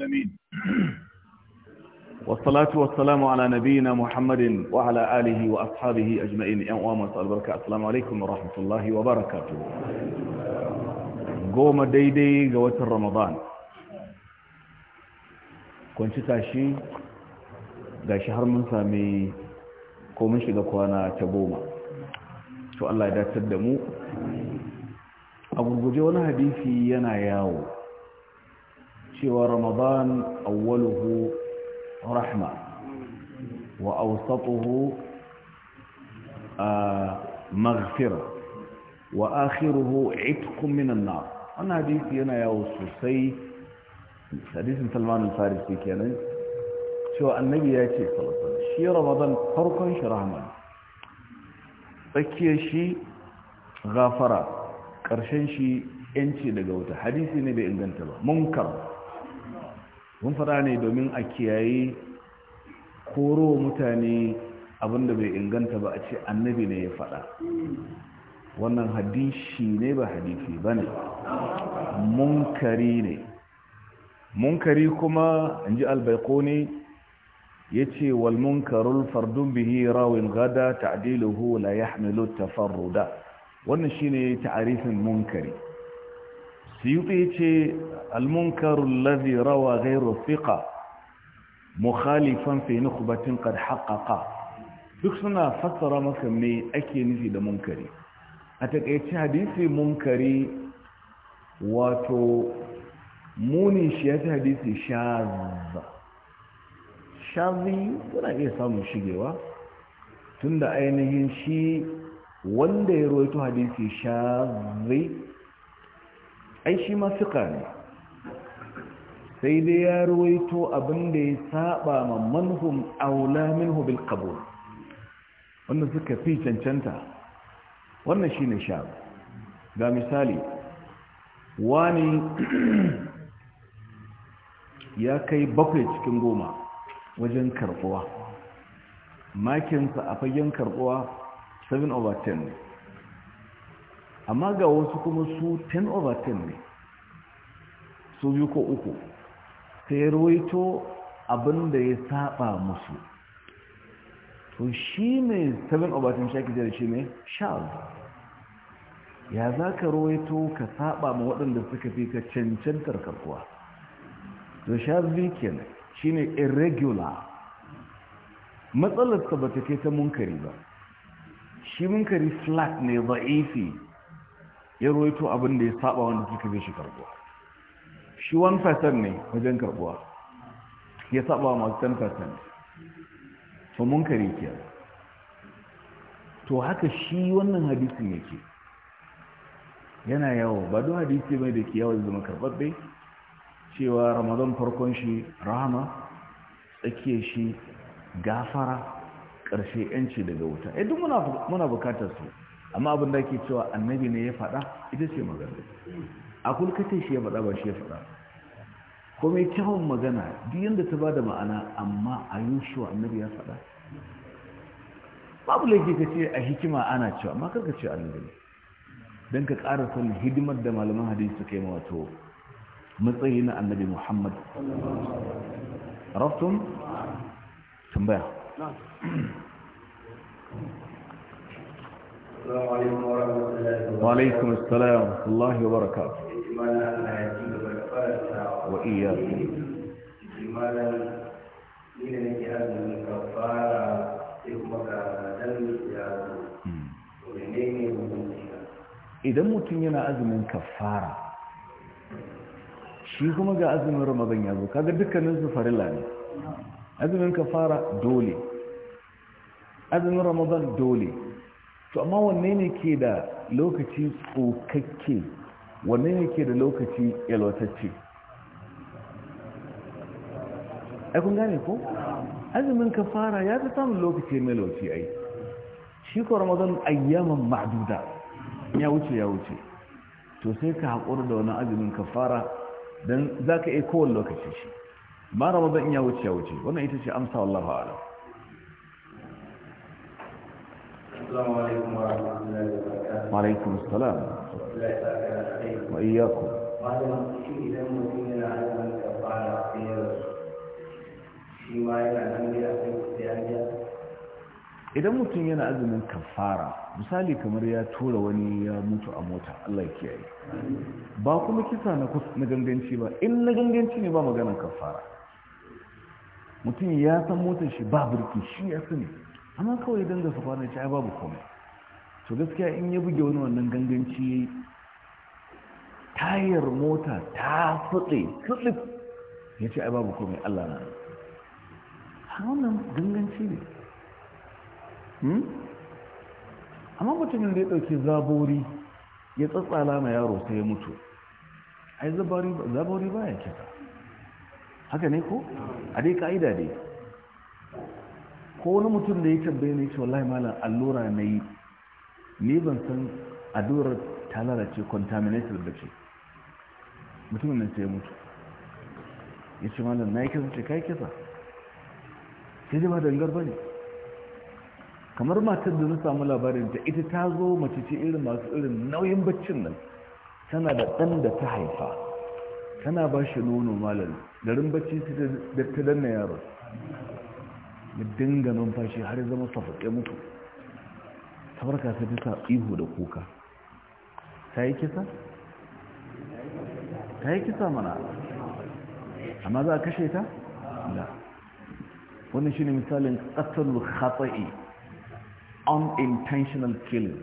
العالمين والصلاة والسلام على نبينا محمد وعلى آله وأصحابه أجمعين يوم البركة السلام عليكم ورحمة الله وبركاته قوم ديدي قوة رمضان كنت تاشي ga shahar mun sami ko mun shiga kwana ta goma to Allah ya datar da mu a gurguje wani hadisi yana yawo cewa ramadan awwaluhu rahma wa awsatuhu maghfira wa akhiruhu itqun minan nar wannan hadisi yana yawo sosai hadisin Salman al-Farisi kenan cewa annabi ya ce shi ramadan farkon shi Rahma tsakiyar shi gafara ƙarshen shi yanci daga wuta hadisi ne bai inganta ba munkar mun fara ne domin a kiyaye koro mutane abinda bai inganta ba a ce annabi ne ya fada wannan hadishi ne ba hadifi ba ne munkari ne munkari kuma in ji albaiko ne ya ce walmunkarul fardun bihi rawin gada ta'adiluhu la ya hamilu da wannan shi ne ta'arifin munkari suyuti ce almunkarun lazi rawa gairu fiƙa mukhalifan fi kubatin kad haƙaƙa duk suna fassara maka me ake nufi da munkari a taƙaice hadisi munkari wato munin shi ya fi hadisi shazza shazi suna iya samun shigewa tunda ainihin shi wanda ya roito hadisi shazi ai shi ma suka ne sai dai ya ruwaito abin da ya saba ma manhum aula minhu bil qabul wannan suka fi cancanta wannan shine sha ga misali wani ya kai bakwai cikin goma wajen karbuwa makinsa a fagen karbuwa 7 over 10 amma ga wasu kuma su 10 over 10 ne su yi ko uku sai ruwaito abinda ya saba musu to shi mai 7 over 10 shaki jere shi mai shaz ya za ka ruwaito ka saba ma waɗanda suka fi ka cancantar karkuwa to shaz biyu shi ne irregular matsalarsa ba ta kai ta munkari ba shi munkari flat ne ba'ifi ya roito abin da ya saba wanda suka zai shi karbuwa shi 1% ne wajen karbuwa ya saba masu 10% to mun kare kiyar to haka shi wannan hadisin yake yana yawo ba don hadisi mai da ke yawon zama karbabbe cewa ramadan farkon shi rahama tsakiyar shi gafara ƙarshe yanci daga wuta eh, duk muna bukatar su amma abin da ke cewa annabi ne ya faɗa ita ce magana a kulkata shi ya faɗa ba shi ya faɗa kuma kyawun magana duk yadda ta ba da ma'ana amma a yi shi wa annabi ya faɗa babu laifi ka ce a hikima ana cewa amma karka ce annabi ne don ka ƙara son hidimar da malaman hadisi suka yi mawato matsayi na annabi muhammad raftun tambaya وعليكم السلام ورحمة الله وبركاته وإياكم إذا متن ينا أزمن كفارة شيخ مجا أزمن رمضان يابو كذا بك نزف فرلاني أزمن كفارة دولي أزمن رمضان دولي su amma wanne ne ke da lokaci tsokakke wanne ne ke da lokaci yalwatacce aikun gane ko azumin ka fara ya ta samun lokaci mai lauci ai shi ko ramadan ayyaman ma'duda ya wuce ya wuce to sai ka haƙura da wani azumin ka fara don za ka iya kowane lokaci shi ma ramadan ya wuce ya wuce wannan ita ce amsa wallahu a'lam السلام عليكم ورحمة الله وبركاته وعليكم السلام وإياكم إذا idan mutum yana azumin kafara misali kamar ya tura wani ya mutu a mota Allah ya kiyaye ba kuma kisa na na ganganci ba in na ganganci ne ba maganar kafara mutum ya san motar shi ba burki shi ya sani amma kawai danga su kwana ci babu komai to gaskiya in ya buge wani wannan ganganci tayar mota ta fitse fitse ya ce ai babu komai Allah na har wannan ganganci ne hmm? amma mutumin da ya ɗauki zabori ya tsatsala na yaro sai ya mutu ai zabori ba ya kika. haka ne ko a dai ka'ida dai ko wani mutum da ya tambaye ne ce wallahi malam allura na yi ni ban san allurar ta lalace contaminated da ce mutumin nan sai mutu ya ce malam na yi kisa ce kai kisa sai dai ba dangar ba ne kamar matar da na samu labarin ta ita ta zo mace ce irin masu irin nauyin baccin nan tana da ɗan da ta haifa tana ba shi nono malam garin bacci ta danna yaro mu dinga numfashi har zama safaƙe mutu sabarka ta bisa ihu da kuka ta yi kisa? ta yi kisa mana amma za a kashe ta? da wani shi ne misalin ƙasar hatsa'i unintentional killing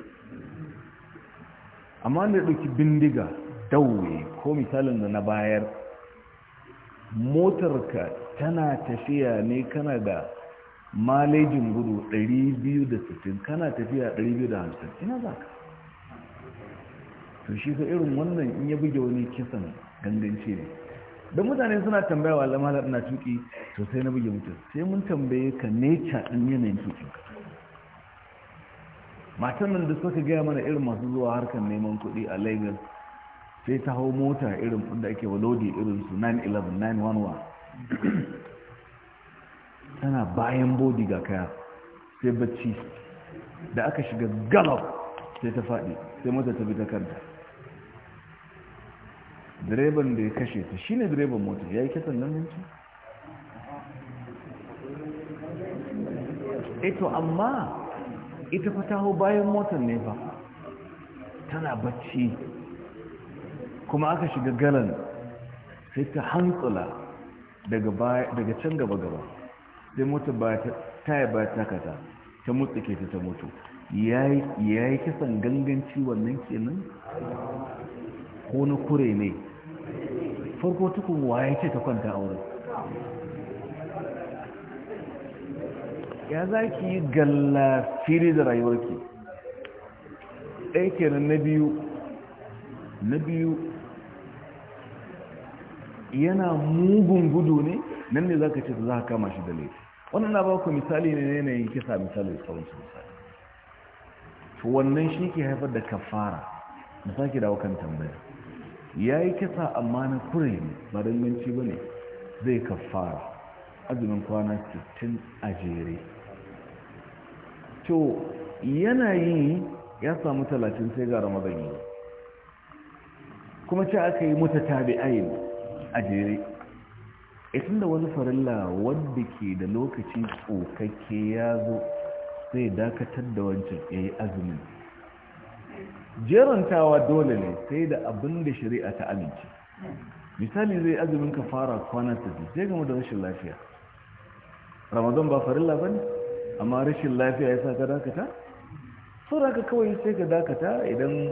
amma da ɗauki bindiga dauwe ko misalin da na bayar motarka tana tafiya ne kana da malejin gudu 260 kana tafiya 250 ina za ka to shi ka irin wannan in ya buge wani kisan gangance ne don mutane suna tambaya wa alamala ina tuki to sai na buge mutum sai mun tambaye ka neca ɗin yanayin tuki matan nan da suka gaya mana irin masu zuwa harkar neman kuɗi a lagos sai ta hau mota irin da ake walodi irin su 911 911 tana bayan bodi ga kaya sai bacci da aka shiga galop sai ta faɗi sai mota ta bi ta kanta direban da ya kashe ta shi ne direban mota ya yi kisan nan minci eto eh amma ita fa taho bayan motar ne ba. tana bacci kuma aka shiga galan sai ta hantsula daga can gaba-gaba sai mota ba ta taya ba ta kata ta mutu ke ta mutu ya yi kisan ganganci wannan kenan ko na kure ne farko tukun waye ce ta kwanta a wurin ya za ki yi fili da rayuwarki ɗaya na biyu na biyu yana mugun gudu ne nan ne za ka ce za ka kama shi da laifi wannan na ba ku misali ne yanayin kisa misali da sauransu misali to wannan shi ke haifar da kafara na sake dawo kan tambaya ya yi kisa amma na kure ne ba danganci ba ne zai kafara azumin kwana 16 a jere to yanayi ya samu talatin sai ga ramadan yi kuma ce aka yi mutatabi'ai a jere itin eh, da wani farilla wanda ke da lokaci tsokakke ya zo sai dakatar da wancan ya yi azumin jerantawa dole ne sai da abin da shari'a ta amince misali zai azumin ka fara kwana ji sai gama da rashin lafiya ramadan ba farilla ba ne amma rashin lafiya ya sa ka dakata saura ka kawai sai ka dakata idan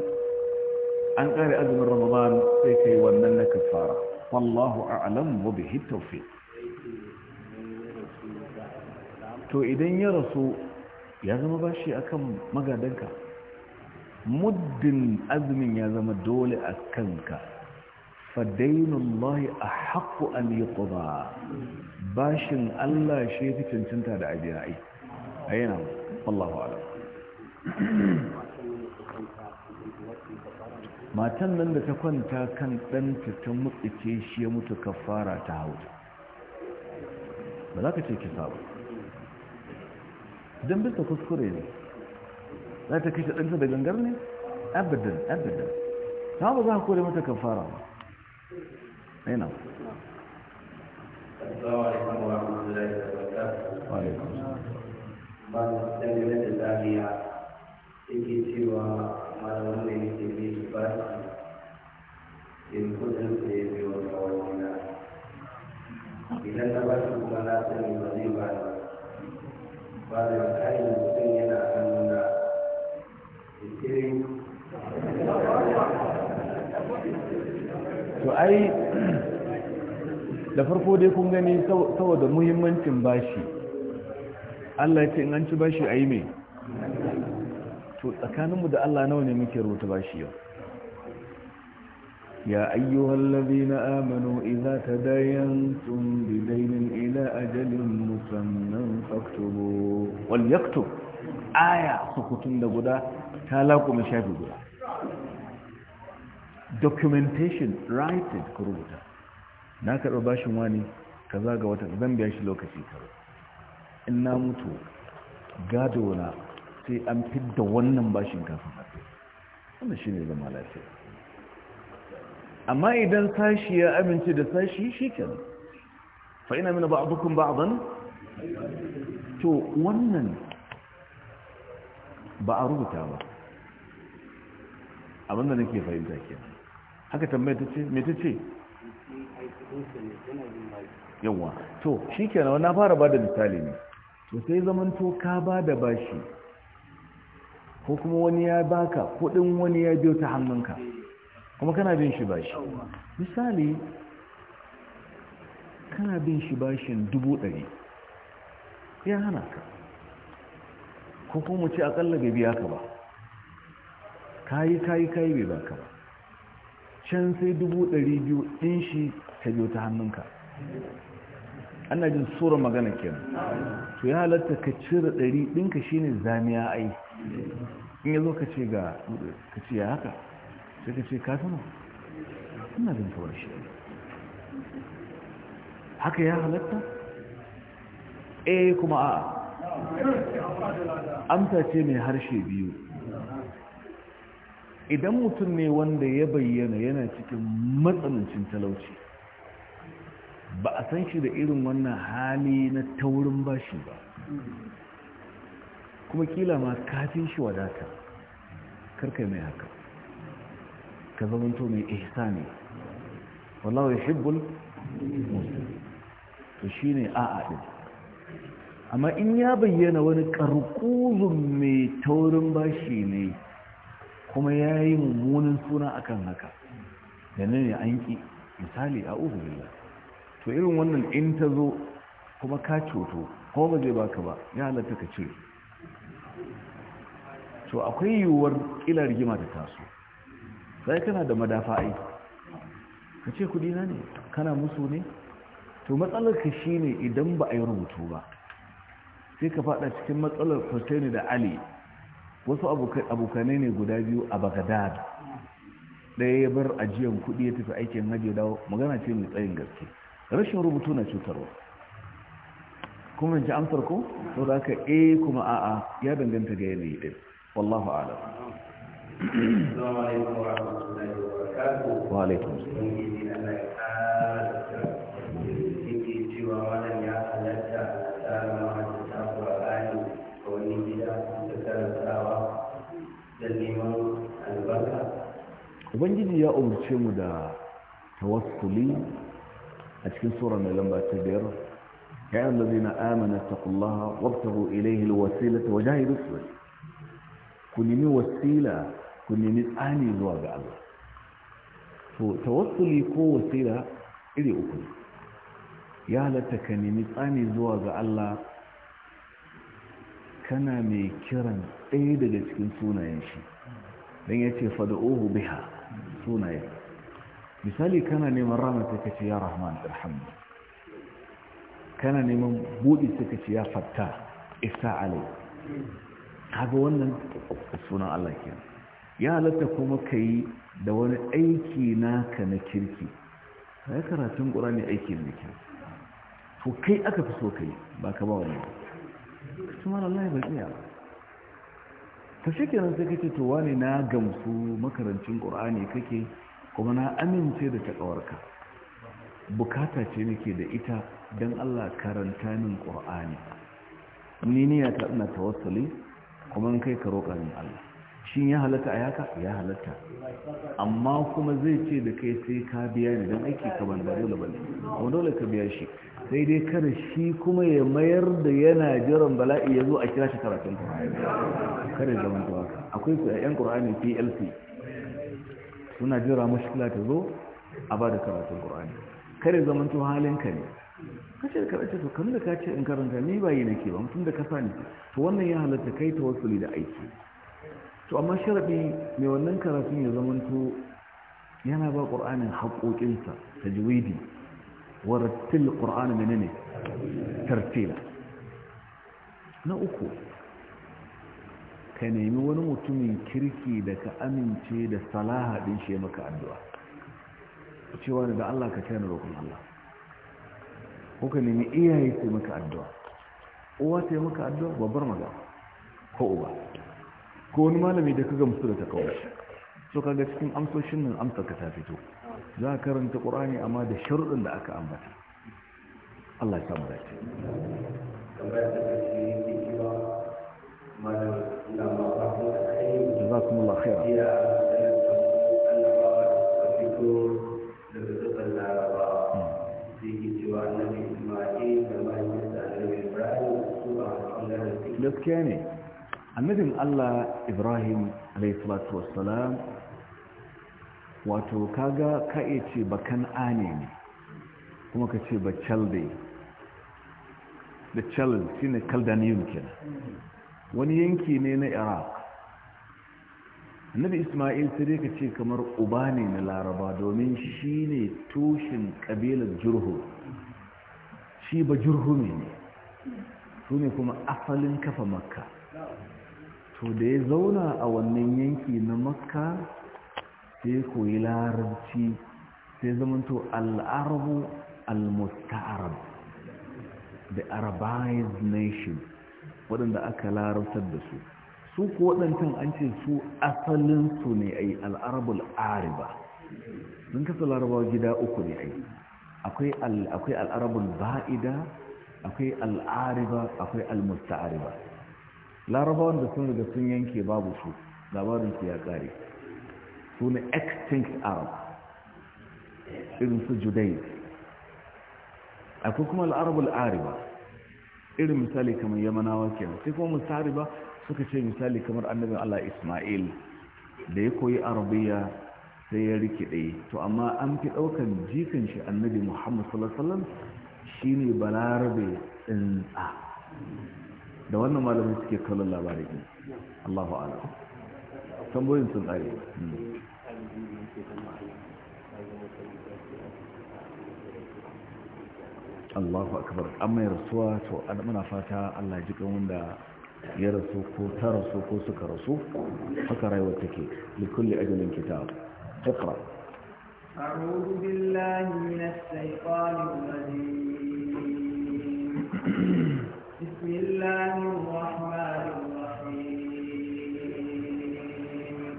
an kare azumin ramadan sai ka yi wannan na kafara wallahu a'lam wa bihi tawfiq to idan ya rasu ya zama bashi akan magadanka muddin azumin ya zama dole a kanka fadainullahi a haƙƙo an yi bashin Allah shi fi cancanta da abiya ai a yana Alam matan nan da ta kwanta kan ɗanta ta mutsice shi ya mutu kafara ta hauta ba za ka ce kisa ba don bisa kuskure ne za ta kashe ɗanta da gangar ne abadan abadan ta ba za ka kore mata kafara ba yana Assalamu dai kun gani saboda muhimmancin bashi Allah ya ce in an ci bashi a yi mai to tsakaninmu da Allah nawa ne muke rubuta bashi ya ayyuhar labi na amano iza ta dayan tun bidainin ila ajalin musamman faktoro waliyakto aya sukutun da guda ta lakumi shafi guda documentation writing rubuta na karɓi bashin wani kaza ga wata zan biya shi lokaci karo in na mutu gado na sai an da wannan bashin kafin a kai wannan shi ne zama lafiya amma idan sashi ya amince da sashi shi kenan fa ina mina ba ba'dan to wannan ba a rubuta ba abinda nake fahimta kenan haka tambayar ta ce me ta ce yawa to shi kenan na fara ba da misali ne to sai to ka ba da bashi ko kuma wani ya baka kudin wani ya biyo ta hannunka kuma kana bin shi bashi misali kana bin shi bashin dubu ɗari ya hana ka ko kuma ce akalla bai biya ka ba kayi kayi kayi bai baka ba can sai dubu ɗari biyu ɗin shi ta biyo ta hannunka ana jin tsoron magana kenan to ya halatta ka cire ɗari ɗinka ne zamiya ai in ya zo ka ce ga ka ce ya haka sai ka ce ka sama ina jin tsoron shi haka ya halatta eh kuma a amsa ce mai harshe biyu idan mutum ne wanda ya bayyana yana cikin matsanancin talauci ba a san shi da irin wannan hali na taurin bashi ba kuma kila ma kafin shi wadata karka mai haka ka zama to mai ihsani wallahu ya shibbul to ne a'a din amma in ya bayyana wani karkuzun mai taurin bashi ne kuma ya yi mummunan suna akan haka da nan ya an ƙi misali a uzubillah to irin wannan in ta zo kuma ka coto kuma ba zai baka ba ya halatta ka cire to akwai yiwuwar ƙila gima ta taso sai kana da madafa ai ka ce kudi na ne kana musu ne to matsalar ka ne idan ba a yi rubutu ba sai ka fada cikin matsalar Hussaini da Ali wasu abokanai ne guda biyu a bagadad ɗaya ya bar ajiyar kuɗi ya tafi aikin hajji dawo magana ce mai tsayin gaske rashin rubutu na cutarwa kuma ji amsar ku? to da ka e eh kuma a'a ya danganta ga yanayi ɗin wallahu alam ubangiji ya umarce mu da tawassuli a cikin sura mai lamba ta biyar ya yi allazina amana taqullaha wabtahu ilayhi alwasilata wa jahidu fi ku nemi wasila ku nemi tsani zuwa ga Allah to tawassuli ko wasila iri uku ne ya halatta ka nemi tsani zuwa ga Allah kana mai kiran ɗaya daga cikin sunayen shi don ya ce fada'uhu biha sunaye misali kana neman rana sai ya rahman irhamni kana neman buɗi sai ka ya fatta isa alai kaga wannan sunan Allah ke. ya halatta kuma ka yi da wani aiki naka na kirki sai karatun ne aiki ne kyau to kai aka fi so yi ba ka ba wani ba kuma Allah ya ba ta shi kenan sai kake to wani na gamsu makarancin ƙur'ani kake kuma na amince da taƙawarka bukata ce nake da ita don allah karanta min ƙur'ani ni niyata ina tawassali kuma in kai ka roƙa min allah shi ya halatta a yaka ya halatta amma kuma zai ce da kai sai ka biya ne don aiki ka ban da dole ba kuma dole ka biya shi sai dai kada shi kuma ya mayar da yana jiran bala'i ya zo a kira shi karatun kada ya zama haka akwai ku ƴan qur'ani plc suna jira mushkila ta zo a ba da karatun qur'ani kada ya zama halin ka ne ce da ce to kamar da ka ce in karanta ni ba yi nake ba mutum da ka sani to wannan ya halatta kai ta wasu da aiki to amma sharaɗi mai wannan karatun ya zamanto yana ba ƙur'anin haƙoƙinsa ta jiwidi warattil ƙur'anin menene ne tartila na uku ka nemi wani mutumin kirki da ka amince da salaha ɗin shi maka addu'a cewa da Allah ka kai na Allah ko ka nemi iyaye su maka addu'a uwa ta yi maka addu'a babbar maza ko uba ko wani malami da ka gamsu da takawa so kaga cikin amsoshin nan amsar ka ta fito za ka karanta ƙur'ani amma da sharuɗin da aka ambata Allah ya samu dace جزاكم الله خيرا gaskiya ne annabin allah ibrahim alaihissalatu wato kaga ka iya ce ba kan'ane ne kuma ka ce ba chalde da chalde shi ne kaldaniyun kenan wani yanki ne na iraq annabi ismail sai ka ce kamar uba ne na laraba domin shi ne tushen ƙabilar jurhu shi ba jurhu ne su ne kuma asalin kafa makka to da ya zauna a wannan yanki na makka sai koyi larabci sai zamanto al'arabu al-musta'arab the arabized nation waɗanda aka larabtar da su su ku waɗancan an ce su asalinsu ne yi al'arabul ariba sun kasa larabawa gida uku ne yi akwai al'arabul ba'ida akwai al'ariba akwai al-musta'ariba larabawan da sun riga sun yanke babu su labarin su ya kare su ne extinct arab irin su judai akwai kuma al'arabul al'ariba. irin misali kamar yamanawa kenan sai kuma musariba suka ce misali kamar annabin allah ismail da ya koyi arabiya sai ya rikide to amma an fi daukan jikan shi annabi muhammad sallallahu alaihi wasallam shine balarabe tsinsa da wannan malamin suke kallon labarin Allahu ala tambayoyin sun tsare hmm. Allahu akbar an mai rasuwa to muna fata Allah ji kan wanda ya rasu ko ta rasu ko suka rasu haka rayuwar take likulli ajalin kitab اقرا أعوذ بالله من الشيطان الرجيم بسم الله الرحمن الرحيم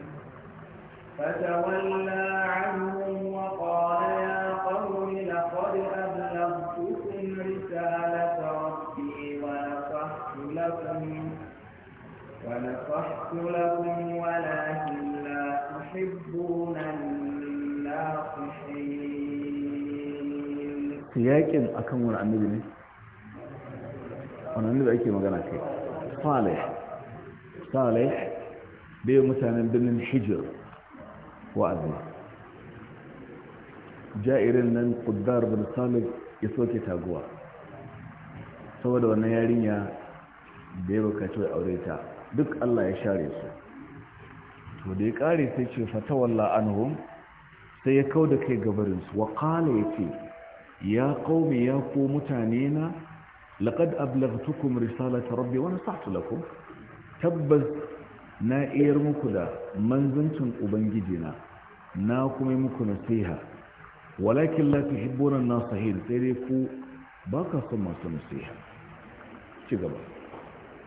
فتولى عنهم وقال يا قوم لقد أبلغتكم رسالة ربي ونصحت لكم ونصحت لكم ولكن لا تحبون الناصحين. سياق أكمل عمل wannan da ake magana kai salih salih bai mutanen birnin hijir wa'azi ja'irin nan kuddar bin salih ya soke taguwa saboda wannan yarinya da ya bukaci wa aure ta duk Allah ya share su to da ya kare sai ce fatawalla anhum sai ya kauda kai gabarin su wa ya yace ya qaumi ya ku mutane na laqad ablaghtukum risalata rabbi wa nasahtu lakum tabbas na iyar muku da manzancin ubangijina na kuma yi muku nasiha walakin la tuhibbuna nasihin sai dai ku ba ka son masu nasiha ci gaba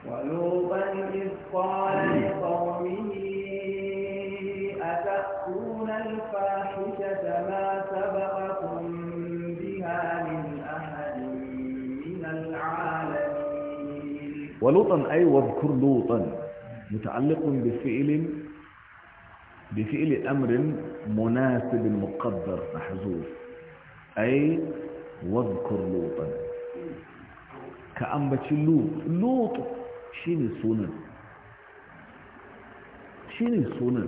ولوطا إذ قال لقومه أتأتون الفاحشة ما سبق ولوطا أي واذكر لوطا متعلق بفعل بفعل أمر مناسب مقدر محذوف أي واذكر لوطا كأنبت لوط لوط شيني سونا شيني سونا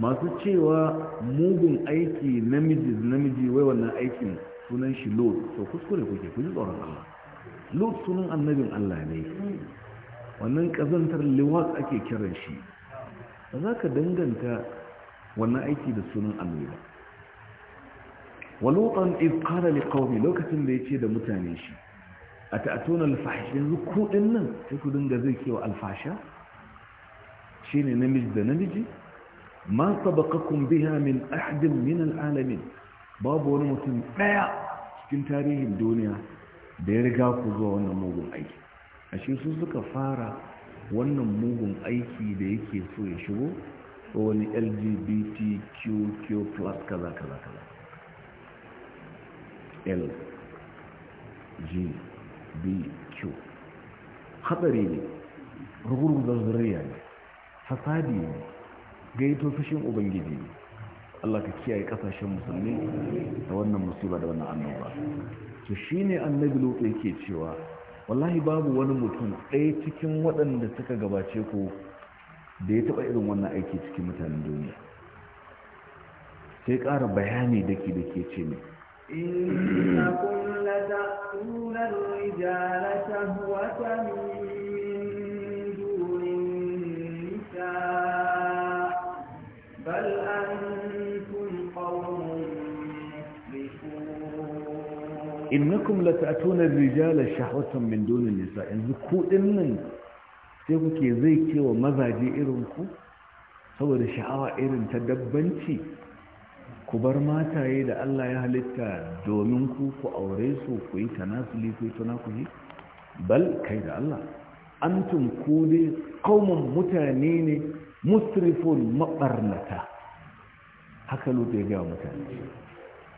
masu cewa mugun aiki namiji namiji wai wannan aikin sunan shi lot to kuskure kuke kuji tsoron Allah lut sunan annabin Allah ne wannan kazantar liwat ake kiran shi ba za ka danganta wannan aiki da sunan annabi ba walutan iz lokacin da ya ce da mutane shi ata'atuna alfahsha yanzu ku nan ta ku dinga zai kewa alfasha shine namiji da namiji ma sabaqakum biya min ahadin min alalamin babu wani mutum daya cikin tarihin duniya da ya riga ku zuwa wannan mugun aiki A shi su suka fara wannan mugun aiki da yake so ya shigo ko wani lgbtqq plus kaza kaza kaza l g b q hatsari ne rugurguzar zurriya ne fasadi ne gaito fushin ubangiji ne Allah ka kiyaye kasashen musulmi da wannan musulma da wannan annoba to shi ne annabi lutu yake cewa wallahi babu wani mutum ɗaya cikin waɗanda suka gabace ko da ya taɓa irin wannan aiki cikin mutanen duniya sai ƙara bayani ke da ke ce ne الرجال شهوة من innakum lata'tuna ar-rijala shahwatan min duni nisa yanzu ku dinnan sai kuke zai kewa mazaje irin ku saboda sha'awa irin ta dabbanci ku bar mataye da Allah ya halitta domin ku ku aure su ku yi tanasuli ku yi tunakuli bal kai da Allah antum ku dai kaumun mutane ne musrifun mabarnata haka lutu ya gaya mutane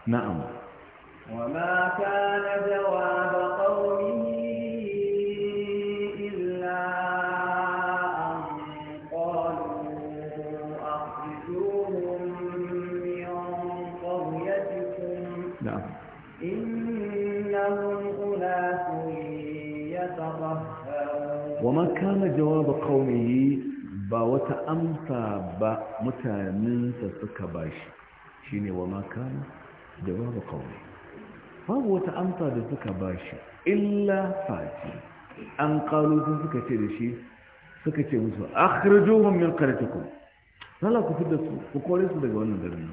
na'am وما كان جواب قومه إلا أن قالوا أخرجوهم من قريتكم إنهم أناس يتطهرون وما كان جواب قومه ba wata amsa ba mutanensa suka bashi shine wa makana jawaba kawai babu wata amsa da suka ba shi illa fati an kalu sun suka ce da shi suka ce musu akhrijuhum min qaryatikum sala ku fidda su ku kore su daga wannan garin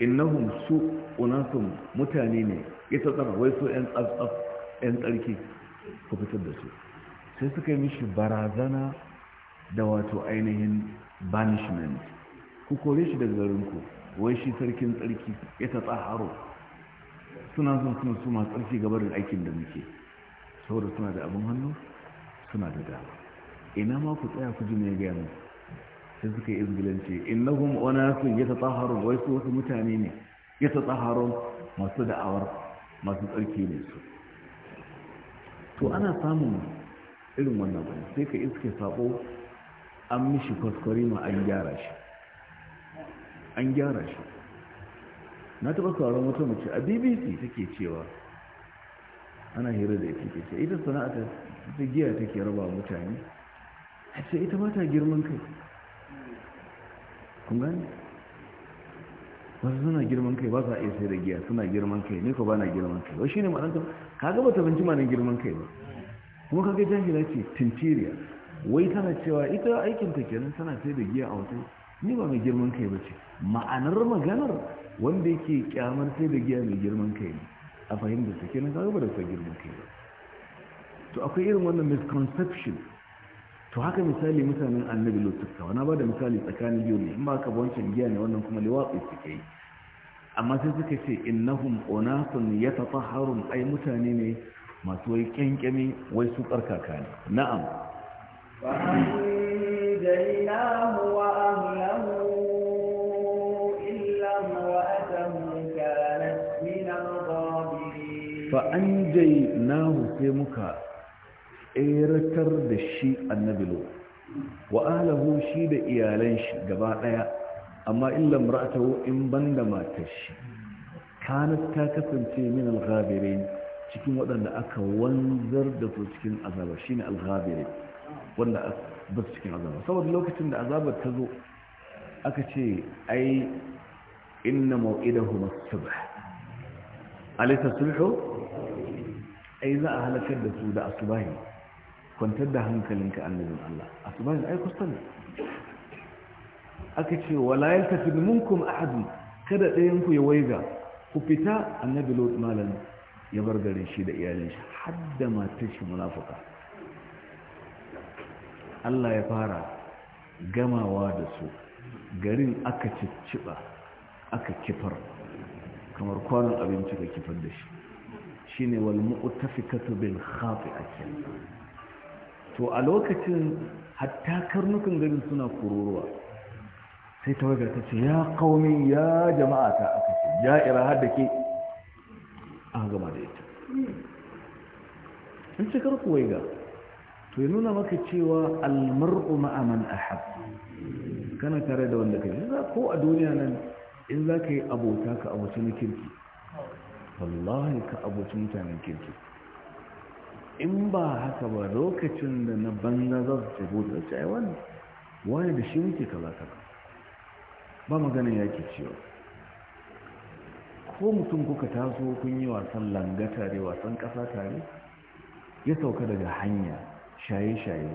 innahum su unatum mutane ne ita tsara wai su yan tsaf yan tsarki ku fitar da su sai suka yi mishi barazana da wato ainihin banishment ku kore shi daga garin ku, wai shi sarkin tsarki ya ta tsaharo suna son suna su masu tsarki gaba da aikin da muke saboda suna da abin hannu suna da dama ina ma ku tsaya ku ji mai gaya mu sai suka yi izgilanci innahum unasun tsaharo wai su wasu mutane ne tsaharo masu da'awar masu tsarki ne su to ana samun irin wannan bane sai ka iske sako an mishi kwaskwari ma an gyara shi an gyara shi na taɓa sauran wata mace a bbc take cewa ana hira da ita ce ita sana'ata ta giya take raba mutane a ce ita mata girman kai kun gani su suna girman kai ba su iya sai da giya suna girman kai ne ko ba na girman kai wa shi ne ma'anta ka gaba ta binci manin girman kai ba kuma kaga jahila ce tintiriya wai tana cewa ita aikinta kenan tana sai da giya a wata ni ba mai girman kai ba ce ma'anar maganar wanda yake kyamar sai da giya mai girman kai ne a fahimta su kenan kawai ba da sa girman kai ba to akwai irin wannan misconception to haka misali mutanen annabi lotuka wani ba da misali tsakanin biyu ne in ba ka wancan giya ne wannan kuma liwatsi suke yi amma sai suka ce innahum unasun yatatahharun ai mutane ne masu wai kyankyami wai su tsarkaka ne na'am فنجيناه وأهله إلا امرأته كانت من الغابرين فأنجيناه سيمك إيرتر دشي النبي لوط وأهله شيد إيالنش قبائل amma illa ra'atahu in banda matar shi kanat ta kasance min al cikin waɗanda aka wanzar da su cikin azaba shine al wanda ba su cikin azaba saboda lokacin da azabar ta zo aka ce ai inna mawqidahum as-subh alaysa sulhu ai za a halakar da su da asubahi kwantar da hankalinka annabin Allah asubahi ai kusan aka ce wala yaltafid minkum ahad kada ɗayan ku ya waiga ku fita annabi lot malam ya bar garin shi da iyalin shi hadda matar shi munafika Allah ya fara gamawa da su garin aka cicciba aka kifar kamar kwanon abinci ka kifar da shi shi ne walmu'utafikatu hafi a ake to a lokacin hatta karnukan garin suna kururuwa sai ta waga ta ce ya kaumi ya jama'a ta aka ce ja'ira har da ke an gama da ita in cikar kuwai ga to ya nuna maka cewa almar'u ma'aman a ahab kana tare da wanda ka za ko a duniya nan in za ka yi abota ka na kirki wallahi ka abota mutanen kirki in ba haka ba lokacin da na banza za su tafi da ce ai wani wani da shi muke kaza kaza ba magana ya ke cewa ko mutum kuka taso kun yi wasan langa tare wasan kasa tare ya sauka daga hanya shaye-shaye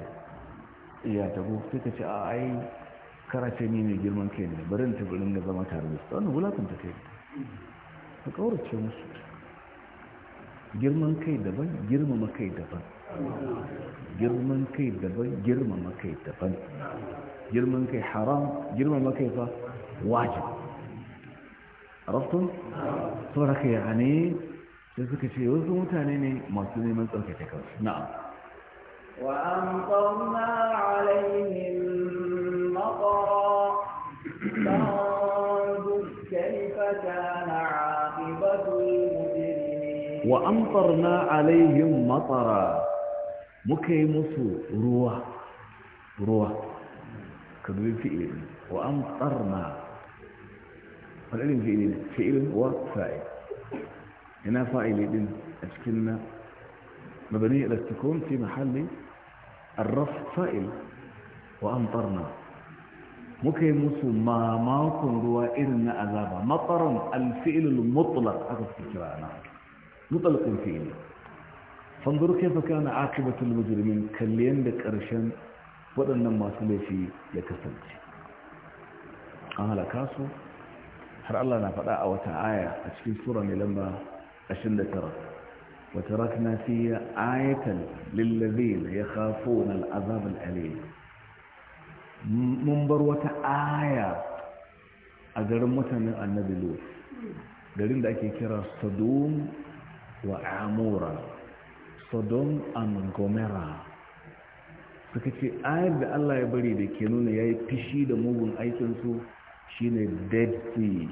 ya tabo suka ce a ai karace ne mai girman kai ne barin ta barin da zama tare da su wannan ta kai ka kaurace musu girman kai daban girmama kai daban girman kai daban girmama kai daban girman kai haram girmama kai fa wajib arabtun saboda kai ne da suka ce wasu mutane ne masu neman tsarkake kansu na'am وأمطرنا عليهم مطرا فانظر كيف كان عاقبة المجرمين وأمطرنا عليهم مطرا مكيمس روى روى كذبين إيه وأمطرنا والعلم في فئل وفائل هنا فائل أسكننا مبني مبنية السكون في محل الرف فائل وأمطرنا مكيموس ما ماكن روائرنا عذاب مطر الفئل المطلق أكبر فكرانا نعم. مطلق الفئل فانظروا كيف كان عاقبة المجرمين كاليين لك أرشان وأن ما سليشي يكسلت أهلا كاسو حر الله نفعل آية في سورة لما أشن لك Wata وتركنا فيها آية للذين يخافون العذاب الأليم منبر وتآية أجرمت من النبي a garin da ake kira sodom wa amura sodom and gomera suka ce ayar da allah ya bari da ke nuna ya yi fishi da mugun aikinsu shine dead sea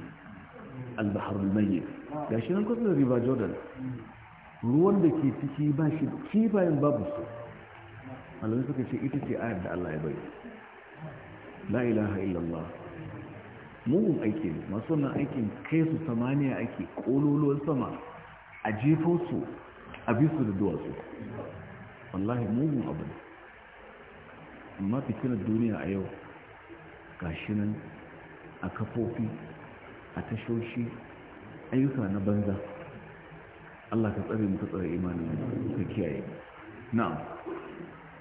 al-bahar al-mayyit gashi nan kusa da river jordan ruwan da ke ciki ba shi kifayen babu su alamun suka ce ita ce ayar da Allah ya bai la ilaha illallah mugun aiki masu wannan aikin kai su samaniya ake kololuwar sama a jefo su a bisu da duwatsu wallahi mugun abu ne amma fitinar duniya a yau gashi nan a kafofi a tashoshi ayyuka na banza الله ka tsare mu ka tsare imanin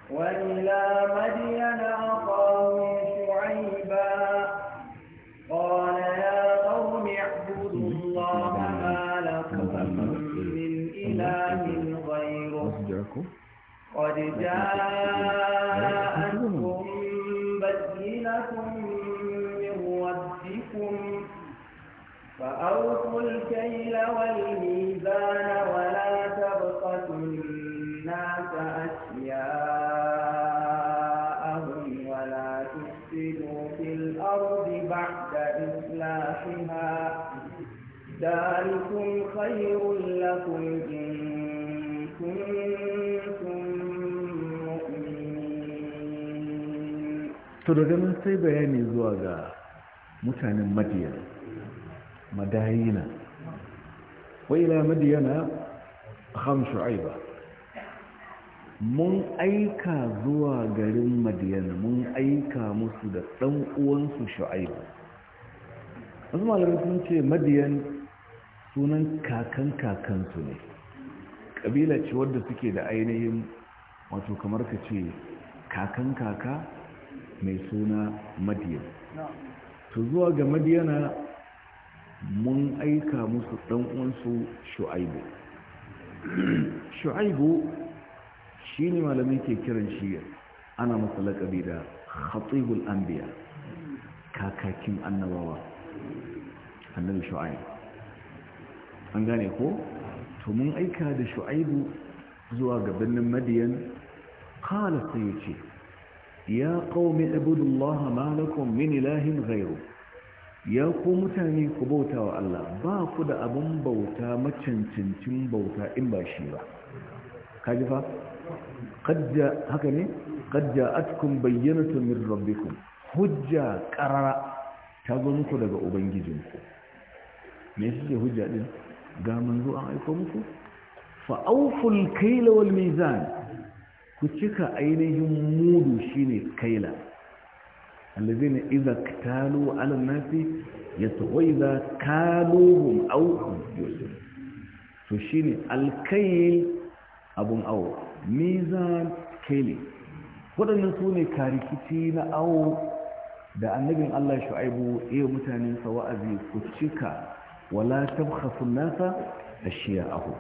وإلى مدين أقام شعيبا قال يا قوم اعبدوا الله ما لكم من إله غيره قد جاءتكم بدينة من ربكم فأوفوا الكيل والميزان ذلكم خير لكم إن كنتم مؤمنين to daga sai bayani zuwa ga mutanen Madiyan, madayina wa ila madiyana khamsu aiba mun aika zuwa garin madiyana mun aika musu da ɗan uwansu shu'aibu wasu malamai sun ce madiyan sunan kakan kakansu ne ƙabila ce wadda suke da ainihin wato kamar ka ce kakan kaka mai suna madiyan to zuwa ga madiyana mun aika musu ɗan'uwansu shu'aibu shu'aibu shi ne malami ke kiran shi ana masa laƙabi da khatibul anbiya kakakin annabawa annabi shu'aibu an gane ko to mun aika da shu'aibu zuwa ga birnin madiyan Kala sai ce. ya qaumi abudullah ma lakum min ilahin ya ku mutane ku bauta wa Allah ba ku da abin bauta macancancin bauta in ba shi ba kaji fa haka ne qadda atkun bayyanatu min rabbikum hujja qarara ta zo muku daga ubangijinku me yake hujja din ga manzo an aiko muku fa'auful kaila wal mizan ku cika ainihin mudu shine kaila allazina idza ktalu ala nasi yatghayza kaluhum aw yusir to shine al kail abun aw mizan kaili wadannan sune karikici na awo da annabin Allah shu'aibu iya mutanen sa wa'azi ku cika wala tabkhasu nasa ashiya'ahu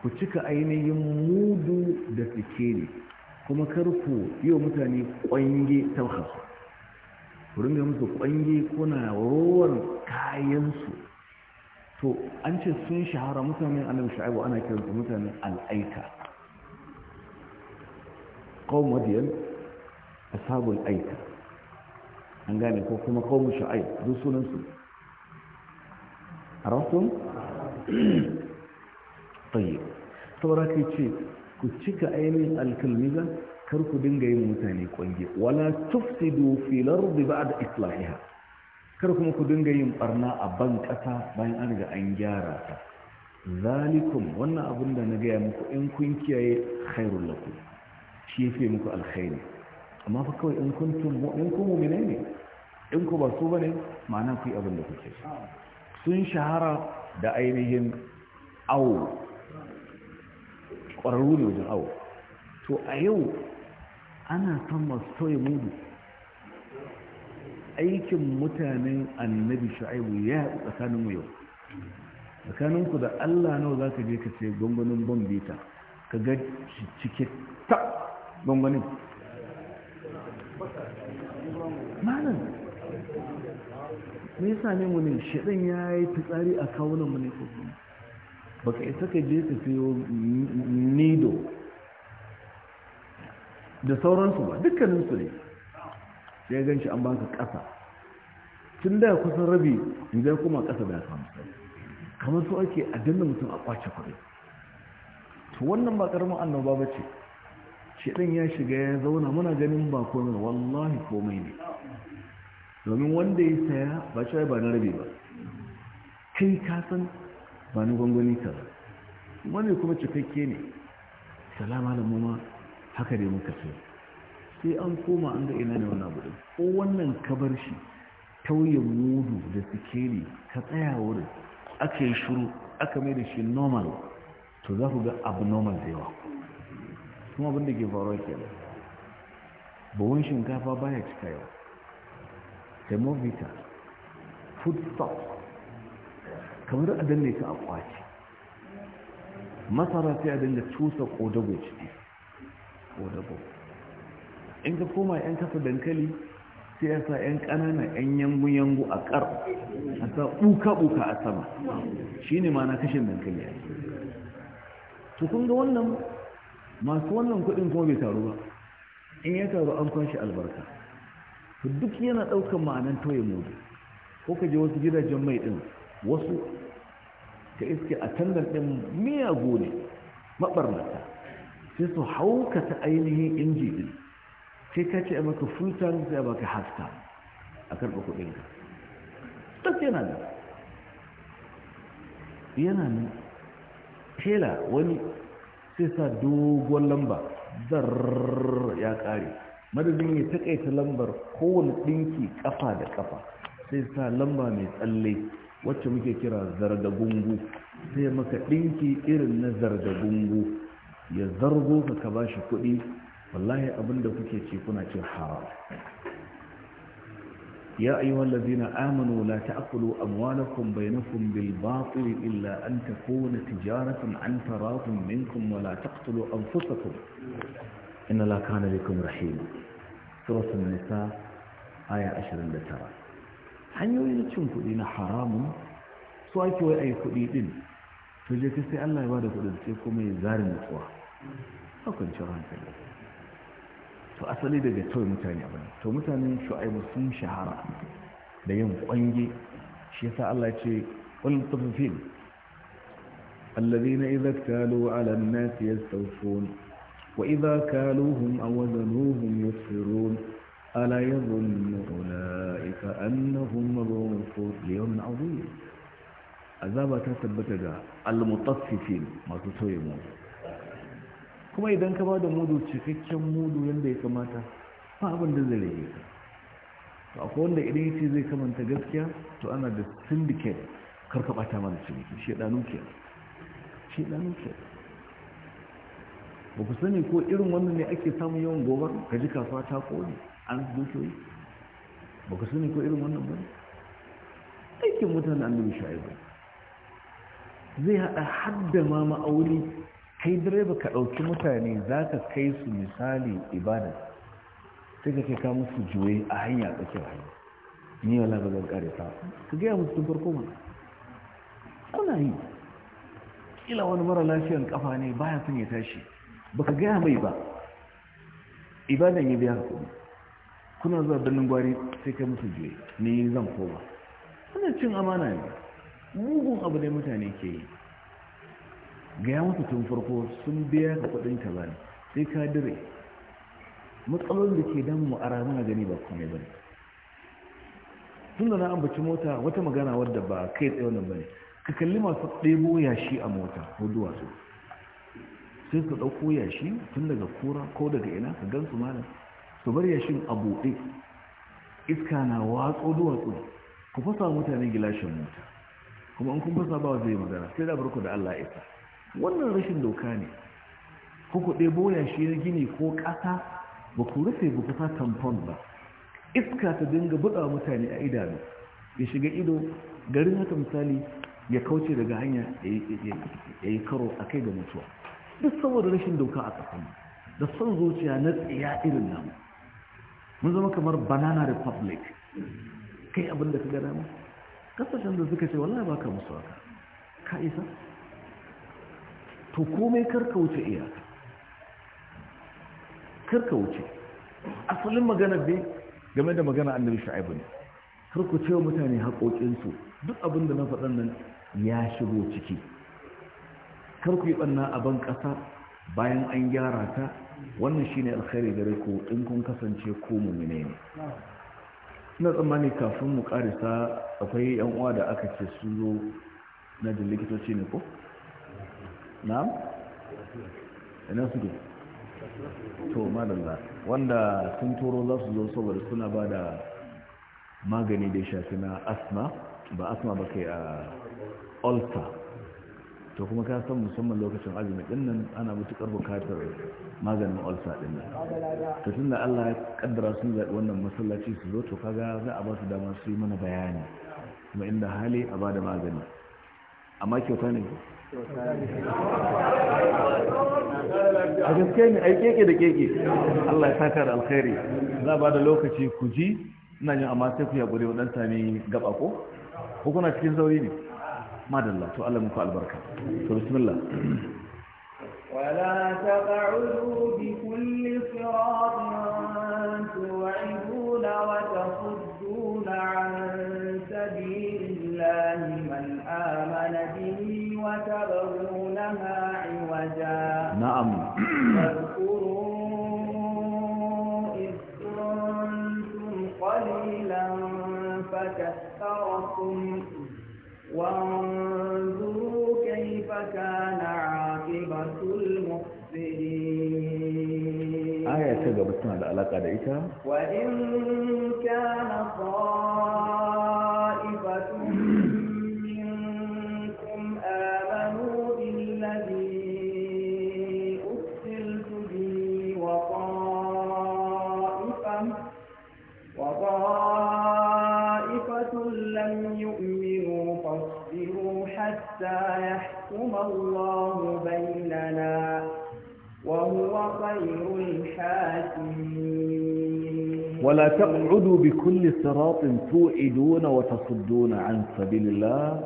ku cika ainihin mudu da sikeli kuma kar ku yi wa mutane kwange tabkhasu ku ringa musu kwange kuna rowar kayansu to an ce sun shahara mutane annabi shu'aibu ana kiransu mutane al'aika qawm madiyan ashabul aika an gane ko kuma qawm shu'aib duk sunansu عرفتم طيب saboda kai ce ku cika ainihin alkalmiza kar ku dinga yin mutane kwange wala tufsidu fil ardi da islahiha kar kuma ku dinga yin barna a ban kasa bayan an riga an gyara ta zalikum wannan abin da na gaya muku in kun kiyaye khairul lakum shi yafi muku alkhairi amma fa kawai in kuntum mu'min ku mu'mine ne in ku ba su bane ma'ana ku yi abin da kuke so sun shahara da ainihin awo ƙwararru ne wajen awo to a yau ana son masu tauye mudu aikin mutanen annabi shu'aibu ya haɗu tsakanin yau yau tsakaninku da allah nawa za ka je ka ce gwangwanin bambita ka ga cike ta gwangwanin ne sa ne mu ne shaɗin ya yi fitsari a kawunan mu ne ba ka isa ka je ka siyo nido da sauransu ba dukkaninsu ne ya gan shi an baka ƙasa tun da kusan rabi zai kuma ƙasa da ya samu kamar su ake a danna mutum a kwace kuɗi to wannan ba ƙaramin annoba ba ce shaɗin ya shiga ya zauna muna ganin ba komai wallahi komai ne domin wanda ya saya ba shi ba na rabe ba kai kasan ba na gwangwani ka ba wani kuma cikakke ne salama da muma haka ne muka sai sai an koma an ga ina ne wani abu ko wannan kabar shi tauye mudu da sikeri ka tsaya wurin aka yi shuru aka mai da shi normal to za ku ga abnormal da yawa kuma abin ke faruwa ke da bawon shinkafa baya cika yawa thermometer food stock kamar a danne ta a kwaci masara sai a da cusa kodago ciki kodago in ka koma yan kasa dankali sai a sa yan ƙanana yan yangu-yangu a kar a sa ɓuka-ɓuka a sama shi ne ma na kashin dankali a to kun ga wannan masu wannan kuɗin kuma bai taru ba in ya taru an kwanshi albarka duk yana ɗaukar ma'anan toye mudu ko ka je wasu gidajen mai ɗin wasu ka iske a tandan ɗin miyago ne maɓarnata sai su hauka ta ainihin inji ɗin sai ka ce a maka fulton sai a baka haska a karɓa kuɗinka duk yana nan, yana nan tela wani sai sa dogon lamba zarar ya ƙare madadin ya takaita lambar kowane ɗinki ƙafa da ƙafa sai sa lamba mai tsalle wacce muke kira zardagungu sai maka ɗinki irin na zargagungu ya zargo ka ka ba shi kuɗi wallahi abinda kuke ce kuna ce haram يا أيها الذين آمنوا لا تأكلوا أموالكم بينكم بالباطل إلا أن تكون تجارة عن تراض منكم ولا تقتلوا أنفسكم inna la kana bikum rahima suratul nisa aya 29 hanyoyin cin kuɗi na haramun su ake wai ayi kuɗi din to je ka sai Allah ya bada kuɗin sai kuma ya zari nutsuwa a kwanciyar hankali to asali daga tawai mutane abin to mutane shu'aibu sun shahara da yin kwange shi yasa Allah ya ce qul tafsil الذين إذا اكتالوا على الناس يستوفون وإذا كالوهم أو وزنوهم يسرون ألا يظن أولئك أنهم رؤوس ليوم عظيم azaba ta tabbata ga almutaffifin masu soye mudu kuma idan ka ba da mudu cikakken mudu yadda ya kamata ba abin da zai ka to akwai wanda idan ya ce zai kamanta gaskiya to ana da sindiket karka bata mana ciniki ba ku sani ko irin wannan ne ake samun yawan gobar ka ji kasuwa ta kone an dukiyoyi ba ku sani ko irin wannan ba aikin mutane an annabi shaibu zai hada hadda ma ma'auli kai direba ka ɗauki mutane za ka kai su misali ibada sai ka kai ka musu juye a hanya tsakiyar hanya ni wala ba zan kare ta ka gaya musu tun farko mana ana yi kila wani mara lafiyan kafa ne baya son ya tashi Ba ka gaya mai ba ibadan ya biya kuɗi kuna zuwa birnin gwari sai kai musu juye ni zan koma suna cin amana ne mugun abu da mutane ke yi gaya musu tun farko sun biya ka kuɗin ka ba sai ka dire matsalolin da ke damu a muna gani ba kuma ba ne tunda na ambaci mota wata magana wadda ba kai tsaye wannan bane ka kalli masu ɗebo yashi a mota ko duwatsu sai su ɗauko yashi tun daga kura ko daga ina su gan su malam su bar yashin a buɗe iska na watso duwatsu ku fasa mutane gilashin mota kuma in kun fasa ba zai magana sai da barku da Allah isa wannan rashin doka ne ku ku ɗebo yashi na gini ko ƙasa ba ku rufe ba ku fasa tampon ba iska ta dinga buɗa mutane a idanu ya shiga ido garin haka misali ya kauce daga hanya ya yi karo a kai ga mutuwa duk saboda rashin doka a ƙasar da son zuciya na tsaya irin nan mun zama kamar banana republic kai abin da ka gada ma. kasashen da suka ce wallahi ka musu haka ka isa to komai karka wuce iyaka karka wuce asalin magana dai game da magana annabi shu'aibu ne karku ce wa mutane haƙoƙinsu duk abin da na faɗan nan ya shigo ciki kar ku yi banna a ban ƙasa bayan an gyara ta wannan shine alkhairi gare ku in kun kasance ko mu'mine ne ina tsammani kafin mu karisa akwai yan uwa da aka ce su zo na da likitoci ne ko na'am ina su to madalla wanda sun toro za su zo saboda suna ba da magani da shafi na asma ba asma ba kai a ulcer to kuma ka san musamman lokacin azumi din nan ana mutukar bukatar maganin ulcer din nan to tunda Allah ya kaddara sun zaɓi wannan masallaci su zo to kaga za a ba su dama su yi mana bayani kuma inda hali a bada magani amma kyauta ne a gaske ne ai keke da keke Allah ya saka da alkhairi za ba da lokaci ku ji ina jin amma sai ku yaƙuri waɗanta ne gaba ko ko kuna cikin sauri ne تو الله Allah muku تو بسم الله ولا تقعدوا بكل صراط توعدون وتصدون عن سبيل الله من آمن به وتبغونها عوجا نعم فاذكروا إذ كنتم قليلا فكثركم وانظروا كيف كان عاقبة المفسدين آية تجربة تنا على علاقة إيشا وإن كان صار الله بيننا وهو خير الحاكمين ولا تقعدوا بكل صراط توعدون وتصدون عن سبيل الله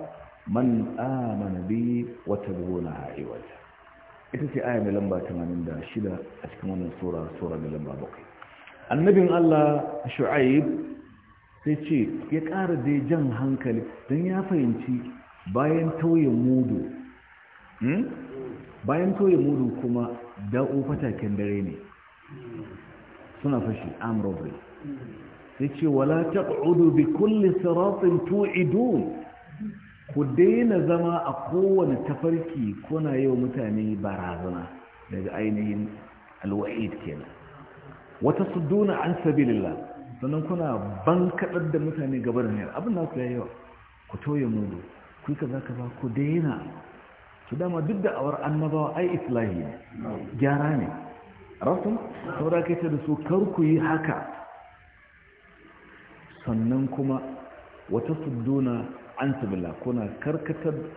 من آمن بي وتبغونها عوجا ita ce aya mai lamba 86 a cikin wannan sura sura mai lamba 7 annabin Allah Shu'aib sai ce ya ƙara dai jan hankali don ya fahimci bayan tauye mudu Hmm? bayan toye mudu kuma da'o fataken dare ne suna fashi arm sai ce wala taq'udu bi kulle sarafin tu'idun ku daina zama a kowane tafarki kuna yau mutane barazana daga ainihin alwa'id kenan wata suduna an lilla sannan kuna ban bankaɗar da mutane gaba da niyar abin da ya yawa ku toye mudu ku yi ka ba ku daina su dama duk da awar annabawa ai islahi ne gyara ne rasu saboda kai ta da su karku yi haka sannan kuma wata sudduna an sabila kuna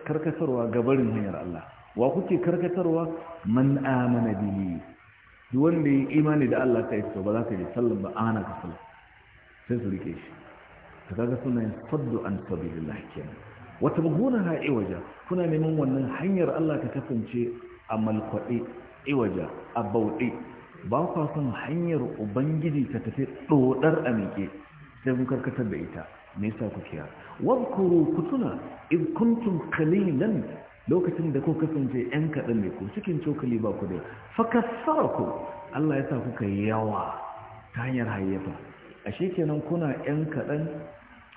karkatarwa gabarin hanyar Allah wa kuke karkatarwa man amana bihi duk wanda ya imani da Allah ta iso ba za ka je sallan ba ana ka sallan sai su rike shi ta kaga suna yin saddu an kenan wata buguna ha iwaja kuna neman wannan hanyar Allah ta kasance a malkwaɗe iwaja a bauɗe ba kwa son hanyar ubangiji ta tafi ɗoɗar a miƙe sai kun karkatar da ita me yasa ku kiya wabkuru ku tuna id kuntum qalilan lokacin da ku kasance yan kaɗan ne ku cikin cokali ba ku da fakassaraku Allah ya sa kuka yawa ta hanyar hayyafa ashe kenan kuna yan kaɗan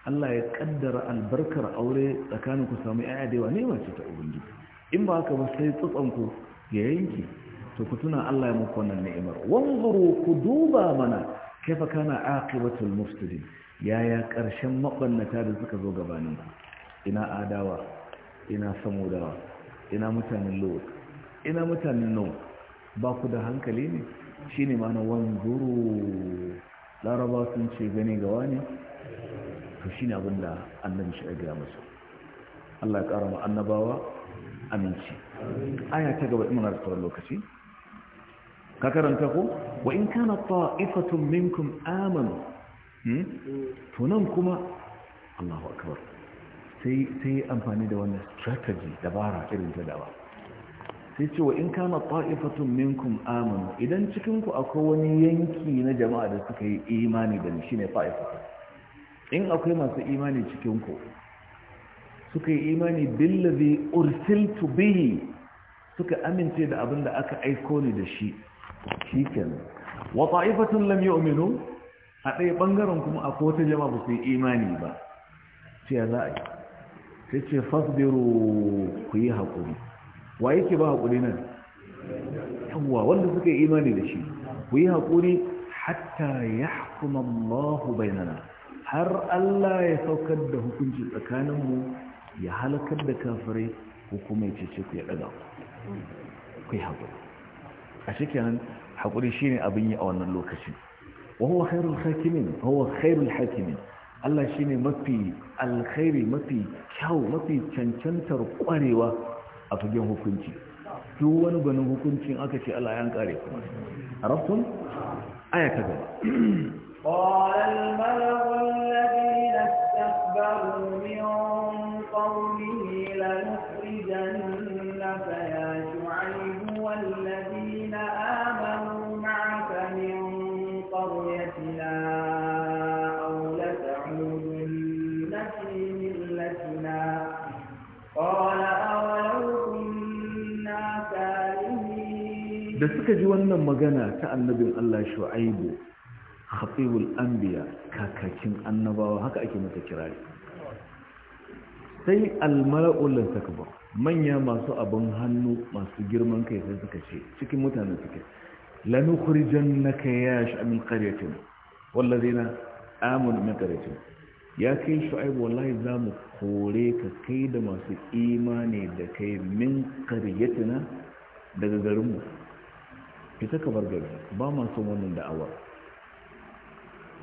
Allah ya kaddara albarkar aure tsakanin ku samu yaya da yawa nema ce ta ubangiji in ba haka ba sai tsutsan ku ya yanki to ku tuna Allah ya muku wannan ni'imar wanzuru ku duba mana kaifa kana aqibatul mufsidin yaya ƙarshen mabannata da suka zo gabanin ina adawa ina samudawa ina mutanen lot ina mutanen nau ba ku da hankali ne shine ma'ana wanzuru laraba sun ce gani ga wani to shi ne abin da annabi shi gaya masu Allah ya ƙara ma annabawa aminci aya ta gaba ina da tsawon lokaci ka karanta ko wa in kana ta'ifatun minkum amanu hmm? to nan kuma Allahu akbar sai yi amfani da wannan strategy dabara irin ta dawa sai ce wa in kama ta'ifatun minkum amanu idan cikinku akwai wani yanki na jama'a da suka yi imani da ni shine ta'ifatun in akwai masu imani cikinku suka yi imani billazi ursiltu bihi suka amince da abin da aka aiko ni da shi shikenan wa ta'ifatun lam yu'minu a ɗaya bangaren kuma akwai wata jama'a ba su yi imani ba ce za a sai ce fasbiru ku yi haƙuri wa yake ba haƙuri nan yawwa wanda suka yi imani da shi ku yi haƙuri hatta ya hukuma Allahu bainana har Allah ya saukar da hukunci tsakaninmu ya halakar da kafirai hukumai cece ku ya ɗaga ku yi haƙuri a cikin haƙuri shi ne abin yi a wannan lokacin wahuwa khairul hakimin wahuwa khairul hakimin Allah shi ne mafi alkhairi mafi kyau mafi cancantar ƙwarewa a fagen hukunci duk wani ganin hukuncin aka ce Allah ya kare kuma arabtum aya ta gaba قال الملأ الذين استكبروا من قومه لنخرجن ka ji wannan magana ta annabin Allah shu'aibu khatibul anbiya kakakin annabawa haka ake mata kirari sai almala'ul takbar manya masu abin hannu masu girman kai sai suka ce cikin mutanen suke lanukhrijannaka ya shamin qaryatin wallazina amanu min qaryatin ya kai shu'aib wallahi za mu kore ka kai da masu imani da kai min qaryatina daga garinmu fita ka bar gari ba ma son wannan da'awar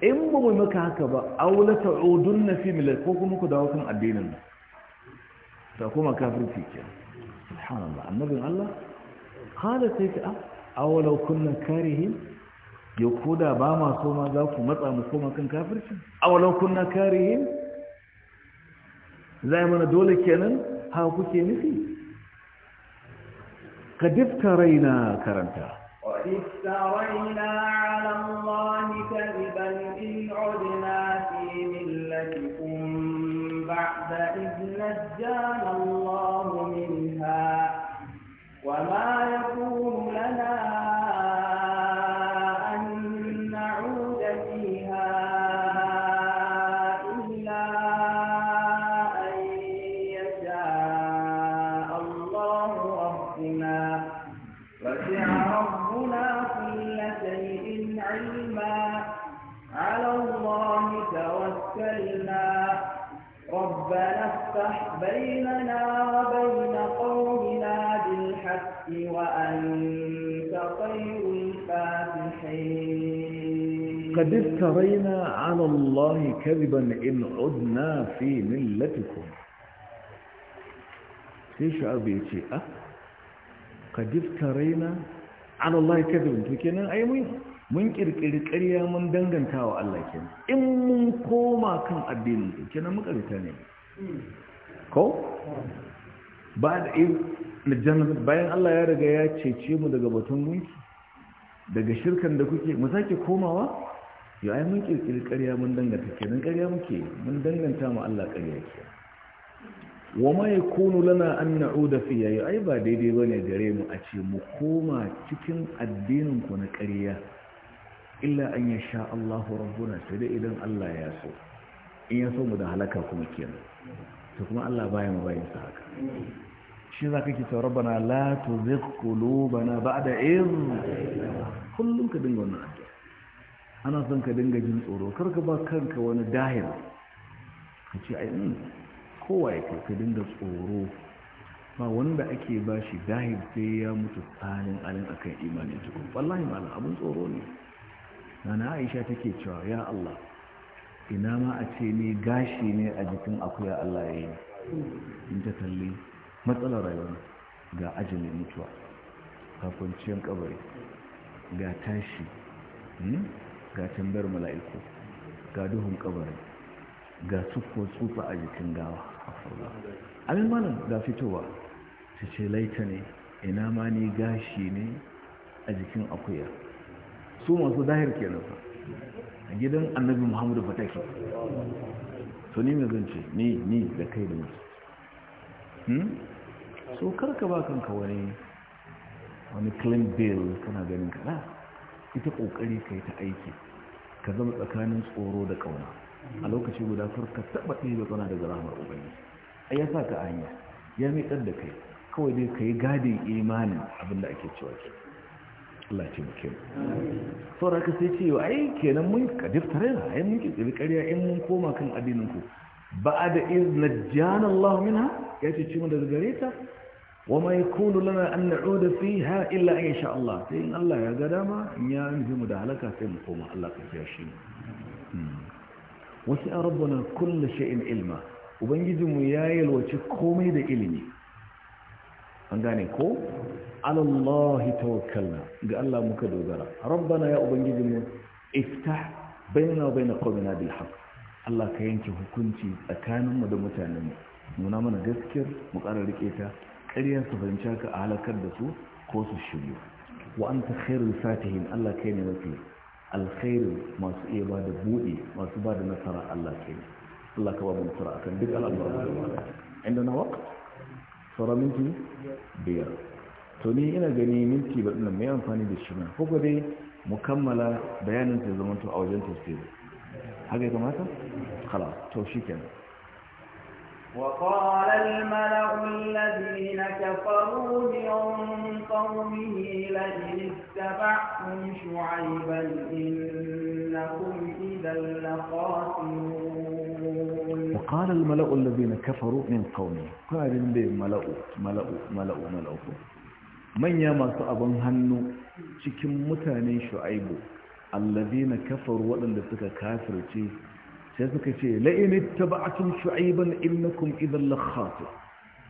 in ba mu maka haka ba aula ta'udun na fi milal ko kuma ku dawo kan addinin nan ta kuma kafirci ke subhanallah annabin Allah qala sai ka awalau kunna karihi ya koda ba ma so ma za ku matsa mu koma kan kafirci awalau kunna karihi zai mana dole kenan ha kuke nufi ka difta raina karanta وإذ ترينا على الله كذبا إن عدنا في ملتكم بعد إذ نجانا الله قد افترينا على الله كذبا إن عدنا في ملتكم sai raina anallah kadibin to kenan ai mun mun kirkiri mun danganta wa Allah kenan in mun koma kan addinin kenan muka rita ne ko ba da in bayan Allah ya riga ya cece mu daga batun daga shirkan da kuke mu sake komawa yau ai mun kirkiri ƙarya mun danganta kenan ƙarya muke mun danganta ma Allah ƙarya ke wa ma yakunu lana an na'uda fi yayi ai ba daidai bane gare mu a ce mu koma cikin addinin ku na ƙarya illa an ya sha Allahu rabbuna sai dai idan Allah ya so in ya so mu da halaka kuma kenan to kuma Allah baya mu bayin sa haka shi za ka ke ta rabbana la tuzigh qulubana ba'da idh kullum ka dinga wannan addu'a ana son ka dinga jin tsoro karka ba kanka wani dahil ka ce yi mm, kowa ya ka dinga tsoro ba wanda ake ba shi dahil sai ya mutu tsanin alin akan imanin tukun wallahi malam abin tsoro ne nana aisha take cewa ya allah ina ma a ce ne gashi ne a jikin akuya allah ya yi in ta kalli matsalar rayuwa ga ajin mutuwa kafin kwanciyar kabari ga tashi hmm? ga tambayar mala'iku ga duhun kabari ga tsufa tsufa a jikin gawa a abin malam ga fitowa ta ce laita ne ina ma ni gashi ne a jikin akuya su masu zahir ke nufa a gidan annabi muhammadu fataki to ni mai zance ni ni da kai da mutu hmm? so karka ba kanka wani wani clean bill kana ganin kada ah, ita kokari ka yi ta aiki ka zama tsakanin tsoro da ƙauna a lokaci guda farka taba ɗaya da tsana daga ramar ubangi a ya sa ka hanya ya miƙar da kai kawai dai ka yi gadin imanin abin da ake cewa ke Allah ce mu saura ka sai cewa ai kenan mun ka diftare na ai mun ki tsiri ƙarya in mun koma kan addinin ku ba da iz Allah minha ya ce ci mu daga gare ta wama yi kunu lana an na'uda fi ha illa in sha Allah sai in Allah ya ga dama in mu da halaka sai mu koma Allah ka fiya shi wasu a rabbuna kulle sha'in ilma ubangijinmu ya yi alwace komai da ilimi an gane ko alallahi tawakkalna ga Allah muka dogara rabbana ya ubangijinmu iftah bayna wa bayna qawmina bil haqq Allah ka yanke hukunci tsakanin mu da mutanenmu muna mana gaskiyar, mu ƙara rike ta ƙaryar su fahimci haka a halakar da su ko su shigo. wa an ta khairul fatihin Allah kai ne mafi alkhairu masu iya ba da buɗe masu ba da nasara Allah kai ne Allah ka ba mu nasara akan duk al'amuran da inda na waka sauran minti biyar to ni ina gani minti ba ɗin mai amfani da shi na ko dai mu kammala bayanin ta zama to a wajen tafsiri haka ya kamata kala to shi kenan وقال الملأ الذين كفروا من قومه لئن اتبعتم شعيبا إنكم إذا لخاسرون وقال الملأ الذين كفروا من قومه قال لي ملأ ملأ ملأ ملأ من يما سأبن هنو cikin mutanen shu'aibu allazina kafaru waɗanda suka kafirce sai suka ce la'ini taba'atun shu'aiban innakum idan lakhatu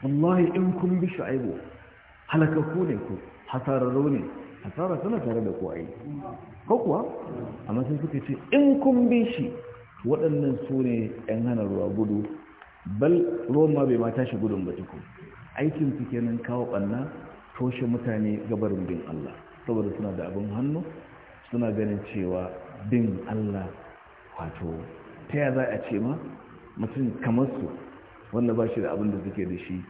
wallahi in kun bi shu'aibu halakaku ne ku hasara ne hasara tana tare da ku ai ko kuwa amma sai suka ce in kun bi shi waɗannan sune ne ‘yan hana ruwa gudu bal ruwan ma bai mata shi gudun ba tukun aikin su kenan kawo ɓanna toshe mutane gabarin bin Allah saboda suna da abin hannu suna ganin cewa bin Allah wato ta ya za a ce ma mutum kamar su wanda ba shi da abin da suke da shi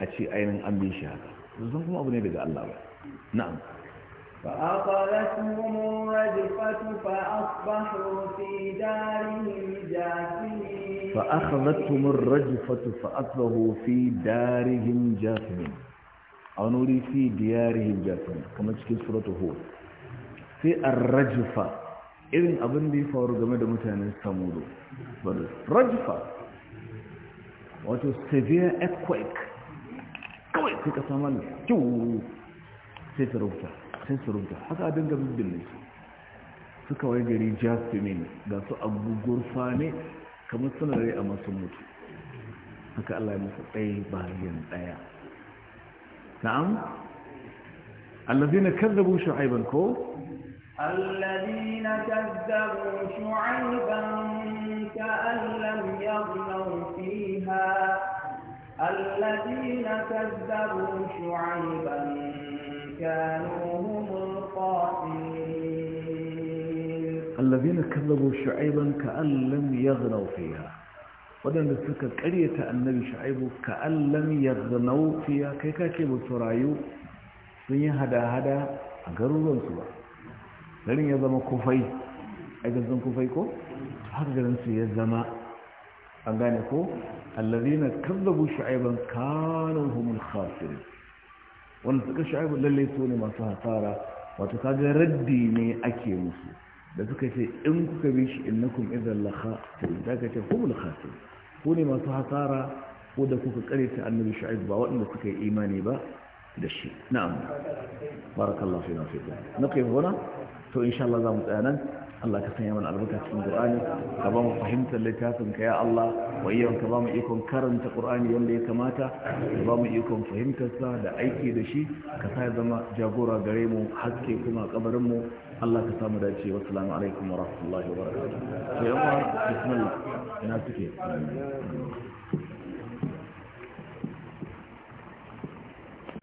a ce ainihin an bi shi haka zuzun kuma abu ne daga Allah ba na'am فأخذتهم الرجفة فأصبحوا في دارهم جاثمين فأخذتهم الرجفة فأصبحوا في دارهم جاثمين أو نوري في ديارهم جاثمين كما تشكي سورة هود في الرجفة irin abin da ya faru game da mutanen samudu rajfa wato severe earthquake kawai sai ka samar da kyau sai ta rubuta sai su rubuta haka abin gabin birnin su suka wai gari jasmin ga su abubuwar fane kamar suna rai a masu mutu haka allah ya masa ɗaya bayan ɗaya na'am allazina kallabu shu'aiban ko الذين كذبوا شعيبا كأن لم يغنوا فيها الذين كذبوا شعيبا كانوا هم الخاسرين الذين كذبوا شعيبا كأن لم يغنوا فيها waɗanda suka ƙaryata annabi shu'aibu ka allam ya zanau fiya kai kake ba su rayu sun yi hada-hada a garuruwansu ba garin ya zama kufai a garzon kufai ko har garinsu ya zama an gane ko allazina kazzabu shu'aiban kanu humul khasirin wanda suka shu'aibu lalle su ne masu hasara wato kaga raddi ne ake musu da suka ce in kuka bi shi innakum idan la khasirin da ka ce humul khasirin ku ne masu hasara ko da kuka kare ta annabi shu'aib ba waɗanda suka yi imani ba da shi na'am barakallahu fi na kai gona to insha Allah za mu tsaya nan Allah ka sanya mana albarka cikin Qur'ani ka bamu fahimtar littafin ka ya Allah wa iyyan ka ba ikon karanta Qur'ani yanda ya kamata ka bamu ikon fahimtar sa da aiki da shi ka sa zama jagora gare mu haske kuma kabarin mu Allah ka samu dacewa. wa assalamu alaikum wa rahmatullahi wa barakatuh to yan bismillah ina suke